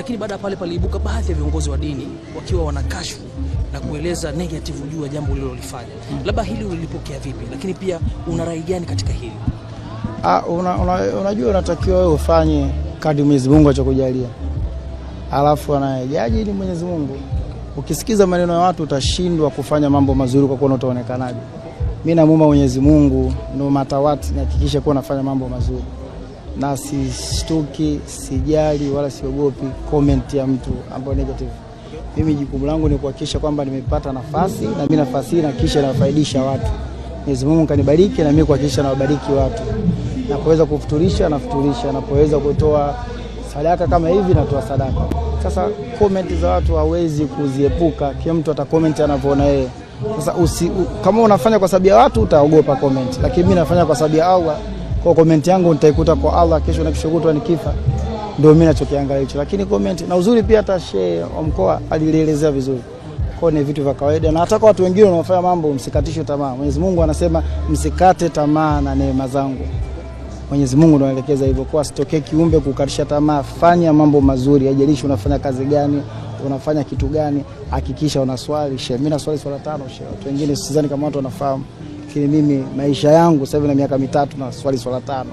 Lakini baada ya pale paliibuka baadhi ya viongozi wa dini wakiwa wanakashfu na kueleza negative juu ya jambo lilolifanya. Hmm. Labda hili ulilipokea vipi? Lakini pia una rai gani katika hili? Ah, una, una, unajua unatakiwa wewe ufanye kadi Mwenyezi Mungu achokujalia. Alafu anayejaji ni Mwenyezi Mungu. Ukisikiza maneno ya watu utashindwa kufanya mambo mazuri kwa kuona utaonekanaje. Mimi namuomba Mwenyezi Mungu no matawati nihakikishe kuwa nafanya mambo mazuri na sishtuki, sijali wala siogopi comment ya mtu ambayo negative. Mimi jukumu langu ni kuhakikisha kwamba nimepata nafasi na mimi nafasi hii nahakikisha nafaidisha watu. Mwenyezi Mungu kanibariki na mimi kuhakikisha nawabariki watu, napoweza kufuturisha nafuturisha, napoweza kutoa sadaka kama hivi natoa sadaka. Sasa komenti za watu hawezi kuziepuka, kila mtu ata komenti anavyoona yeye. Sasa usi, u, kama unafanya kwa sababu ya watu utaogopa komenti, lakini mimi nafanya kwa sababu ya Allah. Kwa comment yangu nitaikuta kwa Allah kesho na kishokuta nikifa. Ndio mimi nachokiangalia hicho. Lakini comment na uzuri pia hata shehe wa mkoa alielezea vizuri. Kwa ni vitu vya kawaida na hata kwa watu wengine wanaofanya mambo msikatishwe tamaa. Mwenyezi Mungu anasema msikate tamaa na neema zangu. Mwenyezi Mungu ndo anaelekeza hivyo, kwa sitokee kiumbe kukatisha tamaa. Fanya mambo mazuri, haijalishi unafanya kazi gani, unafanya kitu gani, hakikisha unaswali. Shehe, mimi naswali swala tano shehe. Watu wengine sidhani kama watu wanafahamu. Lakini mimi maisha yangu sasa hivi na miaka mitatu na swali swala tano.